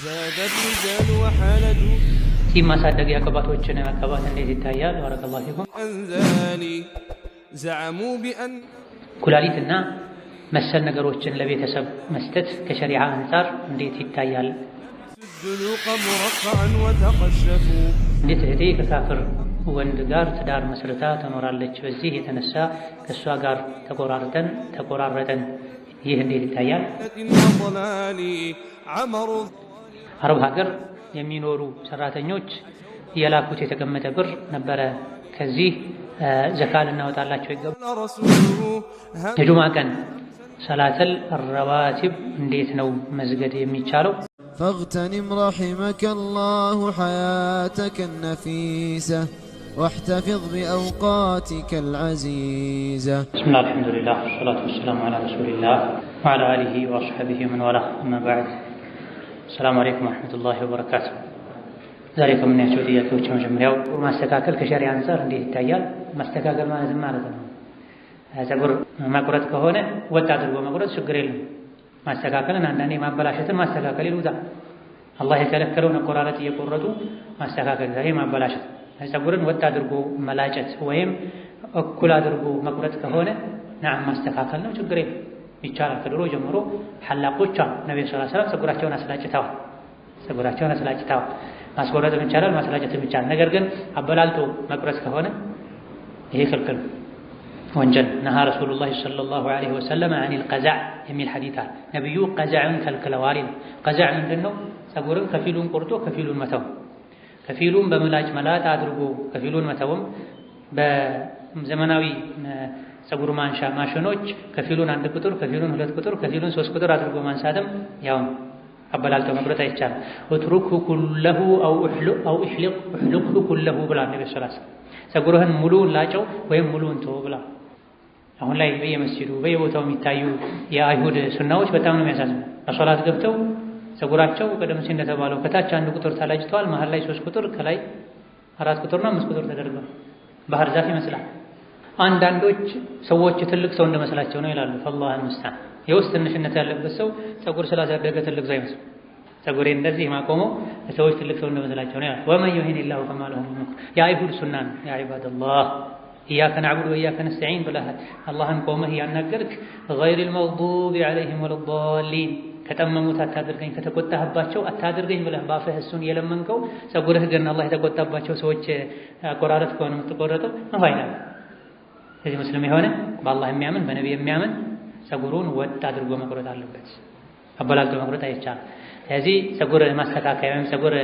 ጢም ማሳደግ ያቀባቶችን መቀባት እንዴት ይታያል? ባረከላ ፊኩም። ኩላሊትና መሰል ነገሮችን ለቤተሰብ መስጠት ከሸሪዓ አንጻር እንዴት ይታያል? እንዴት እህቴ ከካፍር ወንድ ጋር ትዳር መስርታ ትኖራለች። በዚህ የተነሳ ከእሷ ጋር ተቆራርጠን ተቆራረጠን። ይህ እንዴት ይታያል? አረብ ሀገር የሚኖሩ ሰራተኞች የላኩት የተቀመጠ ብር ነበረ። ከዚህ ዘካ ልናወጣላቸው ይገባል። የጁማ ቀን ሰላተል ረዋቲብ እንዴት ነው መስገድ የሚቻለው? ፈግተኒም ረሒመከ ላሁ ሐያተከ ነፊሰ ወሕተፊዝ ቢአውቃቲከ ልዓዚዘ ብስም ላ አልሐምዱሊላህ ወሰላቱ ወሰላሙ ዓላ ረሱሊላህ ወዓላ አሊሂ ወአስሓቢሂ ወመን ዋላህ አማ በዕድ ሰላም አለይኩም ወረሕመቱላሂ ወበረካቱ። ዛሬ ከምናያቸው ጥያቄዎች መጀመሪያው ማስተካከል ከሸሪያ አንፃር እንዴት ይታያል? ማስተካከል ማለት ማለት ነው ፀጉር መቁረጥ ከሆነ ወጥ አድርጎ መቁረጥ ችግር የለም። ማስተካከልን አንዳንዴ ማበላሸትን ማስተካከል ይሉታል። አላህ የከለከለውን አቆራረጥ እየቆረጡ ማስተካከል ዛሬ ማበላሸት፣ ፀጉርን ወጥ አድርጎ መላጨት ወይም እኩል አድርጎ መቁረጥ ከሆነ ናም ማስተካከል ነው፣ ችግር የለም። ይቻላል። ከድሮ ጀምሮ ሐላቆቿ ነቢ ስ ሰለም ፀጉራቸውን አስላጭተዋል። ፀጉራቸውን አስላጭተዋል። ማስቆረጥም ይቻላል፣ ማስላጨትም ይቻላል። ነገር ግን አበላልጦ መቁረጥ ከሆነ ይሄ ክልክል ወንጀል። ነሃ ረሱሉላ ሰለላሁ ዐለይሂ ወሰለም አኒል ቀዛዕ የሚል ሐዲት አለ። ነቢዩ ቀዛዕን ከልክለዋል ቀዛዕ ምንድን ነው? ፀጉርን ከፊሉን ቆርጦ ከፊሉን መተው፣ ከፊሉን በምላጭ መላጥ አድርጎ ከፊሉን መተውም በዘመናዊ ፀጉር ማንሻ ማሽኖች ከፊሉን አንድ ቁጥር፣ ከፊሉን ሁለት ቁጥር፣ ከፊሉን ሶስት ቁጥር አድርጎ ማንሳትም ያው አበላልቶ መቁረጥ አይቻልም። ወትሩኩ ኩለሁ አው እህሉ አው እህሊቅ እህሊቅሁ ኩለሁ ብላ ነብዩ ወሰለም ፀጉርህን ሙሉውን ላጨው ወይም ሙሉውን ተው ብላ። አሁን ላይ በየመስጂዱ በየቦታው የሚታዩ የአይሁድ ሱናዎች በጣም ነው የሚያሳዝኑ። ለሶላት ገብተው ጸጉራቸው ቀደም ሲል እንደተባለው ከታች አንድ ቁጥር ተላጭተዋል። መሀል ላይ ሶስት ቁጥር፣ ከላይ አራት ቁጥርና አምስት ቁጥር ተደርገው ባህር ዛፍ ይመስላል። አንዳንዶች ሰዎች ትልቅ ሰው እንደመስላቸው ነው ይላሉ። ፈላህ ሙስታን የውስጥ ትንሽነት ያለበት ሰው ጸጉር ስላሳደገ ትልቅ ሰው አይመስልም። ጸጉሬ እንደዚህ ማቆሙ ሰዎች ትልቅ ሰው እንደመስላቸው ነው ይላሉ። ወመን ይሁን ኢላሁ ከማለሁ ለሁ ሚን ሙክሪም የአይሁድ ሱና ነው። ያ ዒባደላህ ኢያከ ነዕቡዱ ወኢያከ ነስተዒን ብለሃል። አላህን ቆመህ እያናገርክ ገይሪል መግዱቢ ዐለይሂም ወለዳሊን ከጠመሙት አታድርገኝ፣ ከተቆጣህባቸው አታድርገኝ ብለህ ባፈህ እሱን የለመንከው ጸጉርህ ግን አላህ የተቆጣባቸው ሰዎች አቆራረጥ ከሆነ የምትቆረጠው ነው ይላል። ስለዚህ ሙስሊም የሆነ በአላህ የሚያምን በነቢ የሚያምን ፀጉሩን ወጥ አድርጎ መቁረጥ አለበት። አበላልጦ መቁረጥ አይቻልም። ስለዚህ ፀጉር ማስተካከያ ወይም ፀጉር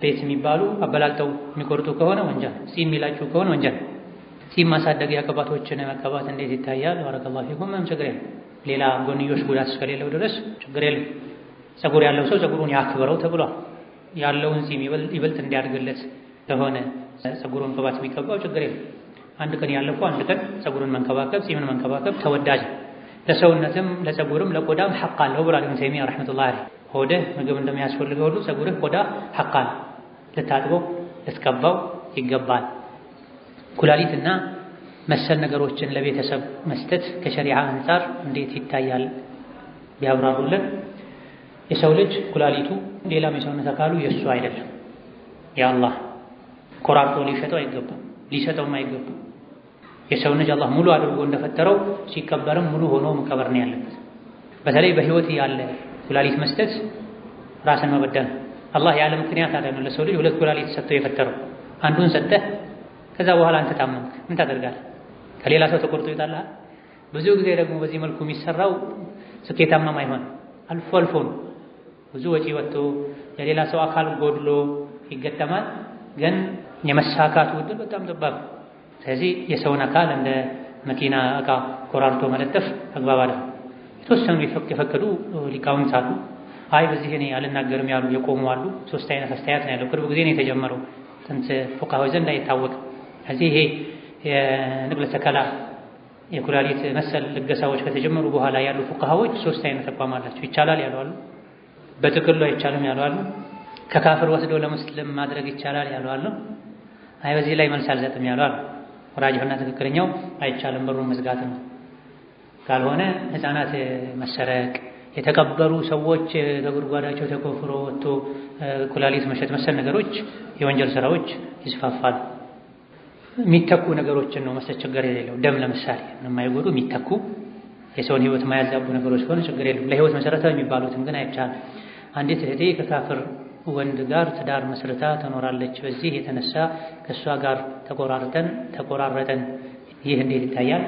ቤት የሚባሉ አበላልጠው የሚቆርጡ ከሆነ ወንጀል፣ ጺም የሚላጩ ከሆነ ወንጀል። ጺም ማሳደግ ቅባቶችን መቀባት እንዴት ይታያል? ባረከላሁ ፊኩም ምንም ችግር የለም። ሌላ ጎንዮሽ ጉዳት እስከሌለው ድረስ ችግር የለም። ፀጉር ያለው ሰው ፀጉሩን ያክብረው ተብሏል። ያለውን ጺም ይበልጥ እንዲያድግለት ከሆነ ጸጉሩን ቅባት የሚቀባው ችግር የለም። አንድ ቀን ያለፉ አንድ ቀን ፀጉርን መንከባከብ ፂምን መንከባከብ ተወዳጅ ለሰውነትም ለፀጉርም ለቆዳም ሐቅ አለው ብሏል ኢብኑ ተይሚያ ረህመቱላሂ ዐለይሂ። ሆድህ ምግብ እንደሚያስፈልገው ሁሉ ፀጉርህ፣ ቆዳ ሐቅ አለው፣ ልታጥበው ልትቀባው ይገባል። ኩላሊትና መሰል ነገሮችን ለቤተሰብ መስጠት ከሸሪዓ አንጻር እንዴት ይታያል ቢያብራሩልን። የሰው ልጅ ኩላሊቱ ሌላም የሰውነት አካሉ የእሱ አይደለም፣ የአላህ። ኮራርጦ ሊሸጠው አይገባም፣ ሊሰጠውም አይገባም። የሰው ልጅ አላህ ሙሉ አድርጎ እንደፈጠረው ሲቀበርም ሙሉ ሆኖ መቀበር ነው ያለበት። በተለይ በህይወት ያለ ኩላሊት መስጠት ራስን መበደል ነው። አላህ ያለ ምክንያት አይደለም ለሰው ልጅ ሁለት ኩላሊት ሰጥቶ የፈጠረው። አንዱን ሰጠህ፣ ከዛ በኋላ አንተ ታመምክ፣ ምን ታደርጋለህ? ከሌላ ሰው ተቆርጦ ይጣላል ብዙ ጊዜ ደግሞ በዚህ መልኩ የሚሰራው ስኬታማም አይሆን አልፎ አልፎ ነው ብዙ ወጪ ወጥቶ የሌላ ሰው አካል ጎድሎ ይገጠማል። ግን የመሳካቱ ዕድል በጣም ጠባብ ነው። ስለዚህ የሰውን አካል እንደ መኪና እቃ ቆራርቶ መለጠፍ አግባብ አለ። የተወሰኑ የፈቀዱ ሊቃውንት አሉ። አይ በዚህ እኔ አልናገርም ያሉ የቆሙ አሉ። ሶስት አይነት አስተያየት ነው ያለው። ቅርብ ጊዜ ነው የተጀመረው። ጥንት ፉቃሃው ዘንድ አይታወቅም። ስለዚህ ይሄ የንቅለ ተከላ የኩላሊት መሰል ልገሳዎች ከተጀመሩ በኋላ ያሉ ፉቃሃዎች ሶስት አይነት አቋም አላቸው። ይቻላል ያሉ አሉ፣ በጥቅሉ አይቻልም ያሉ አሉ፣ ከካፍር ወስዶ ለሙስሊም ማድረግ ይቻላል ያሉ አሉ፣ አይ በዚህ ላይ መልስ አልሰጥም ያሉ አሉ። ወራጅና ትክክለኛው አይቻልም በሩን መዝጋት ነው። ካልሆነ ህፃናት መሰረቅ፣ የተቀበሩ ሰዎች ከጉድጓዳቸው ተቆፍሮ ወጥቶ ኩላሊት መሸጥ መሰል ነገሮች የወንጀል ስራዎች ይስፋፋሉ። የሚተኩ ነገሮችን ነው መስጠት ችግር የሌለው ደም ለምሳሌ የማይጎዱ የሚተኩ የሰውን ህይወት ማያዛቡ ነገሮች ከሆነ ችግር የለም። ለህይወት መሰረታዊ የሚባሉትን ግን አይቻልም። አንዲት እህቴ ከካፍር ወንድ ጋር ትዳር መስርታ ትኖራለች። በዚህ የተነሳ ከእሷ ጋር ተቆራርጠን ተቆራረጠን። ይህ እንዴት ይታያል?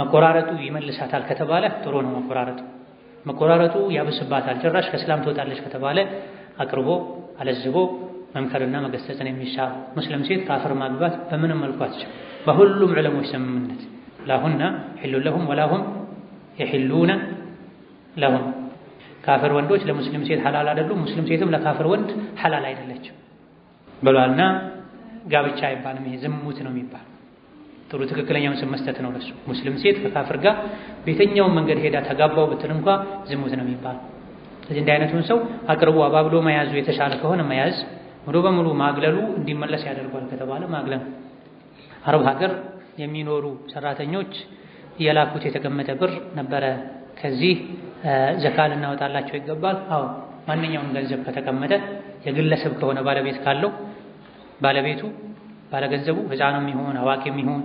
መቆራረጡ ይመልሳታል ከተባለ ጥሩ ነው። መቆራረጡ መቆራረጡ ያብስባታል፣ ጭራሽ ከእስላም ትወጣለች ከተባለ አቅርቦ አለዝቦ መምከርና መገሰጽን የሚሻ ሙስሊም ሴት ካፍር ማግባት በምንም መልኩ አትችል። በሁሉም ዕለሞች ስምምነት ላሁና ሒሉ ለሁም ወላሁም የሒሉነ ለሁም ካፍር ወንዶች ለሙስሊም ሴት ሐላል አይደሉም፣ ሙስሊም ሴትም ለካፍር ወንድ ሐላል አይደለችም ብሏልና ጋብቻ አይባልም። ይሄ ዝሙት ነው የሚባል ጥሩ ትክክለኛውን ስም መስጠት ነው ለሱ። ሙስሊም ሴት ከካፍር ጋር በየትኛውም መንገድ ሄዳ ተጋባው ብትል እንኳ ዝሙት ነው የሚባል። ስለዚህ እንዲህ አይነቱን ሰው አቅርቦ አባብሎ መያዙ የተሻለ ከሆነ መያዝ፣ ሙሉ በሙሉ ማግለሉ እንዲመለስ ያደርጓል ከተባለ ማግለል። አረብ ሀገር የሚኖሩ ሰራተኞች የላኩት የተገመተ ብር ነበረ ከዚህ ዘካ ልናወጣላቸው ይገባል። አዎ ማንኛውም ገንዘብ ከተቀመጠ የግለሰብ ከሆነ ባለቤት ካለው ባለቤቱ ባለገንዘቡ ሕፃንም ይሁን አዋቂም ይሁን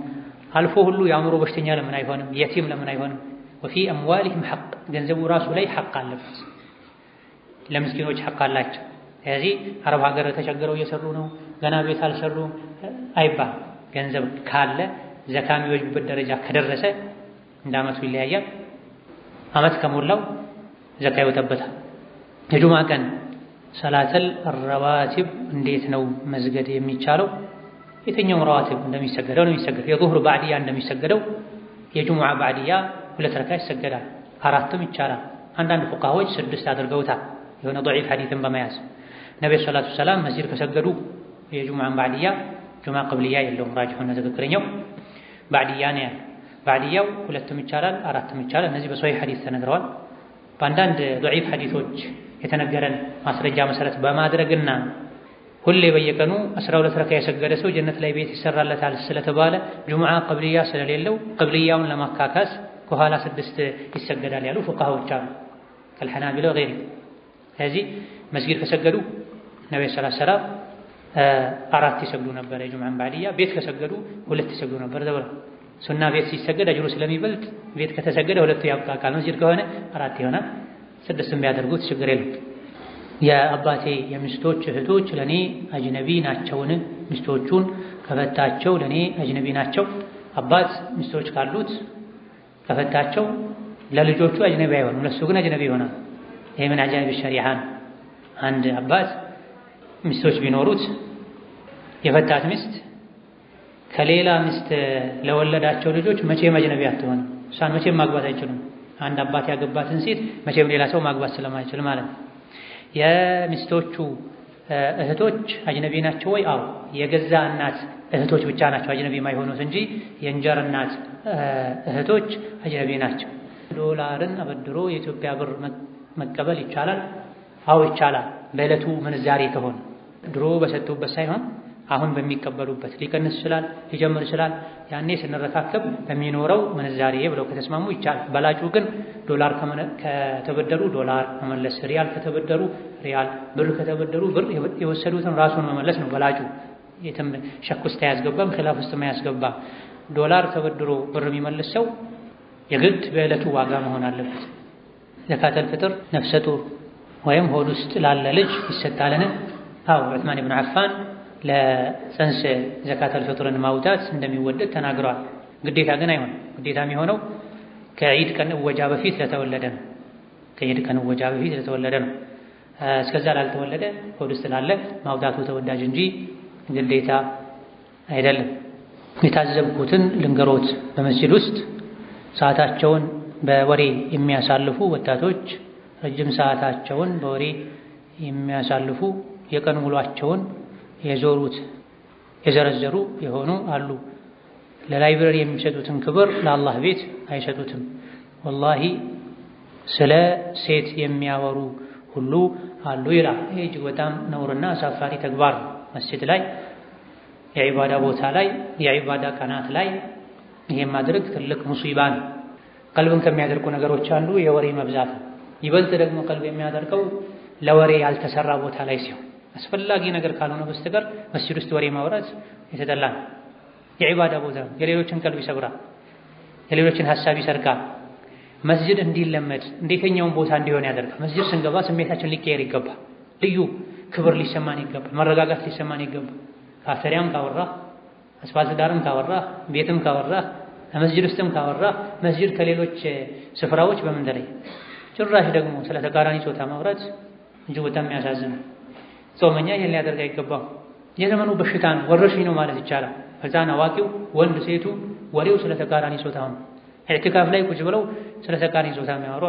አልፎ ሁሉ የአእምሮ በሽተኛ ለምን አይሆንም? የቲም ለምን አይሆንም? ወፊ አምዋሊህም ሐቅ ገንዘቡ ራሱ ላይ ሐቅ አለበት። ለምስኪኖች ሐቅ አላቸው። ስለዚህ አረብ ሀገር ተቸግረው እየሰሩ ነው፣ ገና ቤት አልሰሩም አይባል። ገንዘብ ካለ ዘካ የሚወጅብበት ደረጃ ከደረሰ እንደ ዓመቱ ይለያያል። አመት ከሞላው ዘካ ይወጣበታል። የጁማ ቀን ሰላተል ረዋቲብ እንዴት ነው መስገድ የሚቻለው? የትኛውም ረዋቲብ እንደሚሰገደው ነው የሚሰገደው። የዙህር ባዕድያ እንደሚሰገደው የጁሙዓ ባዕድያ ሁለት ረካ ይሰገዳል። አራትም ይቻላል። አንዳንድ ፉቃዎች ስድስት አድርገውታል። የሆነ ዶዒፍ ሐዲትን በመያዝ ነቢ ሰላቱ ሰላም መስጂድ ከሰገዱ የጁሙዓን ባዕድያ ጁማ ቅብልያ የለውም። ራጅሑና ትክክለኛው ባዕድያ ነው ያለው ባዕድያው ሁለትም ይቻላል፣ አራትም ይቻላል። እነዚህ በሶሒህ ሐዲስ ተነግረዋል። በአንዳንድ ዶዒፍ ሐዲሶች የተነገረን ማስረጃ መሰረት በማድረግና ሁሌ በየቀኑ 12 ረካ የሰገደ ሰው ጀነት ላይ ቤት ይሰራለታል ስለተባለ ጁሙዓ ቅብልያ ስለሌለው ቅብልያውን ለማካካስ ከኋላ ስድስት ይሰገዳል ያሉ ፉቃሃዎች አሉ፣ ከልሐናቢላ ወገይሪ። ስለዚህ መስጊድ ከሰገዱ ነቢ ሰላ ሰላም አራት ይሰግዱ ነበር የጁሙዓን ባዕድያ፣ ቤት ከሰገዱ ሁለት ይሰግዱ ነበር ተብሏል። ሱና ቤት ሲሰገድ አጅሩ ስለሚበልጥ ቤት ከተሰገደ ሁለቱ ያብቃቃል። መስጂድ ከሆነ አራት ይሆናል። ስድስት ቢያደርጉት ችግር የለም። የአባቴ የሚስቶች እህቶች ለኔ አጅነቢ ናቸውን? ሚስቶቹን ከፈታቸው ለኔ አጅነቢ ናቸው። አባት ሚስቶች ካሉት ከፈታቸው ለልጆቹ አጅነቢ አይሆንም፣ ለሱ ግን አጅነቢ ይሆናል። ይሄ ምን አጅነቢ ሸሪዓ ነው። አንድ አባት ሚስቶች ቢኖሩት የፈታት ሚስት ከሌላ ሚስት ለወለዳቸው ልጆች መቼም አጅነቢ አትሆንም። እሷን መቼም ማግባት አይችሉም። አንድ አባት ያገባትን ሴት መቼም ሌላ ሰው ማግባት ስለማይችል ማለት ነው። የሚስቶቹ እህቶች አጅነቢ ናቸው ወይ? አዎ፣ የገዛ እናት እህቶች ብቻ ናቸው አጅነቢ የማይሆኑት እንጂ የእንጀር እናት እህቶች አጅነቢ ናቸው። ዶላርን አበድሮ የኢትዮጵያ ብር መቀበል ይቻላል? አዎ ይቻላል፣ በዕለቱ ምንዛሬ ከሆነ ድሮ በሰጡበት ሳይሆን አሁን በሚቀበሉበት ሊቀንስ ይችላል፣ ሊጀምር ይችላል። ያኔ ስንረካከብ በሚኖረው ምንዛሬ ብለው ከተስማሙ ይቻላል። በላጩ ግን ዶላር ከተበደሩ ዶላር መመለስ፣ ሪያል ከተበደሩ ሪያል፣ ብር ከተበደሩ ብር፣ የወሰዱትን ራሱን መመለስ ነው በላጩ። የትም ሸክ ውስጥ አያስገባም፣ ክላፍ ውስጥ አያስገባ። ዶላር ተበድሮ ብር የሚመልስ ሰው የግድ በዕለቱ ዋጋ መሆን አለበት። ዘካተል ፍጥር ነፍሰ ጡር ወይም ሆድ ውስጥ ላለ ልጅ ይሰጣልን? አዎ ዑስማን ብን አፋን ለፅንስ ዘካተል ፍጡርን ማውጣት እንደሚወደድ ተናግረዋል። ግዴታ ግን አይሆንም። ግዴታ የሚሆነው ከዒድ ቀን እወጃ በፊት ለተወለደ ነው። ከዒድ ቀን እወጃ በፊት ለተወለደ ነው። እስከዛ ላልተወለደ ሆድ ውስጥ ላለ ማውጣቱ ተወዳጅ እንጂ ግዴታ አይደለም። የታዘብኩትን ልንገሮት። በመስጂድ ውስጥ ሰዓታቸውን በወሬ የሚያሳልፉ ወጣቶች ረጅም ሰዓታቸውን በወሬ የሚያሳልፉ የቀን ውሏቸውን የዞሩት የዘረዘሩ የሆኑ አሉ። ለላይብረሪ የሚሰጡትን ክብር ለአላህ ቤት አይሰጡትም። ወላሂ ስለ ሴት የሚያወሩ ሁሉ አሉ ይላል። ይህ እጅግ በጣም ነውርና አሳፋሪ ተግባር ነው። መስጂድ ላይ፣ የዒባዳ ቦታ ላይ፣ የዒባዳ ቀናት ላይ ይሄ ማድረግ ትልቅ ሙሲባ ነው። ቀልብን ከሚያደርቁ ነገሮች አንዱ የወሬ መብዛት ነው። ይበልጥ ደግሞ ቀልብ የሚያደርቀው ለወሬ ያልተሰራ ቦታ ላይ ሲሆን አስፈላጊ ነገር ካልሆነ በስተቀር መስጂድ ውስጥ ወሬ ማውራት የተጠላ ነው። የዒባዳ ቦታ የሌሎችን ቀልብ ይሰብራል። የሌሎችን ሀሳብ ይሰርቃል። መስጂድ እንዲለመድ እንዴተኛውን ቦታ እንዲሆን ያደርጋል። መስጂድ ስንገባ ስሜታችን ሊቀየር ይገባል። ልዩ ክብር ሊሰማን ይገባል። መረጋጋት ሊሰማን ይገባል። ካፍተሪያም ካወራ፣ አስፋልት ዳርም ካወራ፣ ቤትም ካወራ፣ መስጂድ ውስጥም ካወራ መስጂድ ከሌሎች ስፍራዎች በምን ተለየ? ጭራሽ ደግሞ ስለ ተቃራኒ ጾታ ማውራት እጅግ በጣም የሚያሳዝነው። ጾመኛ ይህን ሊያደርግ አይገባም። የዘመኑ በሽታ ነው፣ ነው ማለት ይቻላል። ሕፃን አዋቂው፣ ወንድ ሴቱ፣ ወሬው ስለ ተቃራኒ ጾታ ነው። ኢዕቲካፍ ላይ ቁጭ ብለው ስለ ተቃራኒ ጾታ የሚያወሩ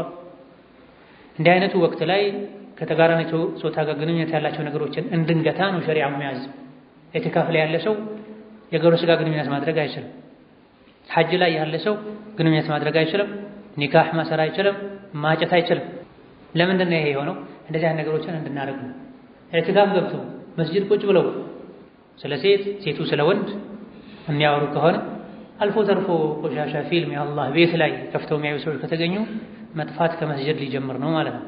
እንዲህ አይነቱ ወቅት ላይ ከተጋራኒ ጾታ ጋር ግንኙነት ያላቸው ነገሮችን እንድንገታ ነው ሸሪዓ የሚያዝ። ኢዕቲካፍ ላይ ያለ ሰው የገብረ ጋር ግንኙነት ማድረግ አይችልም። ሐጅ ላይ ያለ ሰው ግንኙነት ማድረግ አይችልም። ኒካህ ማሰር አይችልም። ማጨት አይችልም። ለምንድን ነው ይሄ የሆነው? እንደዚህ አይነት ነገሮችን እንድናደርግ ነው። ኤዕቲካፍ ገብተው መስጅድ ቁጭ ብለው ስለ ሴት ሴቱ ስለ ወንድ የሚያወሩ ከሆነ አልፎ ተርፎ ቆሻሻ ፊልም የአላህ ቤት ላይ ከፍተው የሚያዩ ሰዎች ከተገኙ መጥፋት ከመስጅድ ሊጀምር ነው ማለት ነው።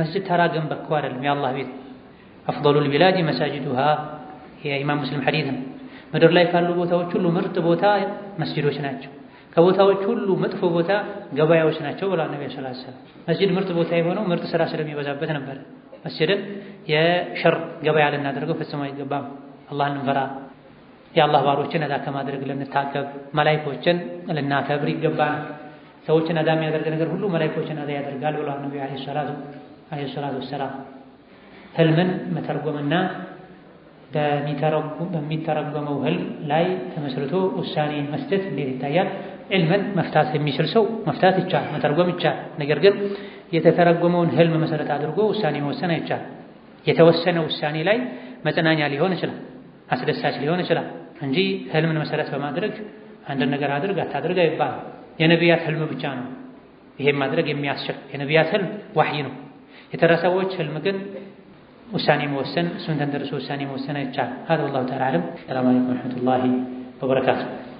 መስጂድ ተራ ገንብ እኮ አይደለም፣ የአላህ ቤት አፍደሉል ቢላድ መሳጅዱሃ የኢማም ሙስሊም ሐዲት ነው። ምድር ላይ ካሉ ቦታዎች ሁሉ ምርጥ ቦታ መስጅዶች ናቸው። ከቦታዎች ሁሉ መጥፎ ቦታ ገበያዎች ናቸው ብሏል ነቢ ሰለላሁ ዐለይሂ ወሰለም። ምርጥ ቦታ የሆነው ምርጥ ስራ ስለሚበዛበት ነበር። መስጅድን የሸር ገበያ ልናደርገው ፈጽሞ አይገባም። አላህን እንፈራ፣ የአላህ ባሮችን አዳ ከማድረግ ልንታቀብ፣ መላይኮችን ልናከብር ይገባናል። ሰዎችን አዳ የሚያደርግ ነገር ሁሉ መላይኮችን አዳ ያደርጋል ብሏል ነቢ ዓለይሂ ሰላቱ ወሰላም። ህልምን መተርጎምና በሚተረጎመው ህልም ላይ ተመስርቶ ውሳኔ መስጠት እንዴት ይታያል? ዕልምን መፍታት የሚችል ሰው መፍታት ይቻል፣ መተርጎም ይቻል። ነገር ግን የተተረጎመውን ህልም መሰረት አድርጎ ውሳኔ መወሰን አይቻል። የተወሰነ ውሳኔ ላይ መጽናኛ ሊሆን ይችላል፣ አስደሳች ሊሆን ይችላል እንጂ ህልምን መሰረት በማድረግ አንድ ነገር አድርግ አታድርግ አይባልም። የነቢያት ህልም ብቻ ነው ይሄን ማድረግ የሚያስችል። የነቢያት ህልም ዋህይ ነው። የተረሰዎች ህልም ግን ውሳኔ መወሰን እሱን ተንደርሶ ውሳኔ መወሰን አይቻል። ሀ ወላሁ ተዓላ አዕለም። ሰላም አለይኩም ወረሕመቱላሂ ወበረካቱ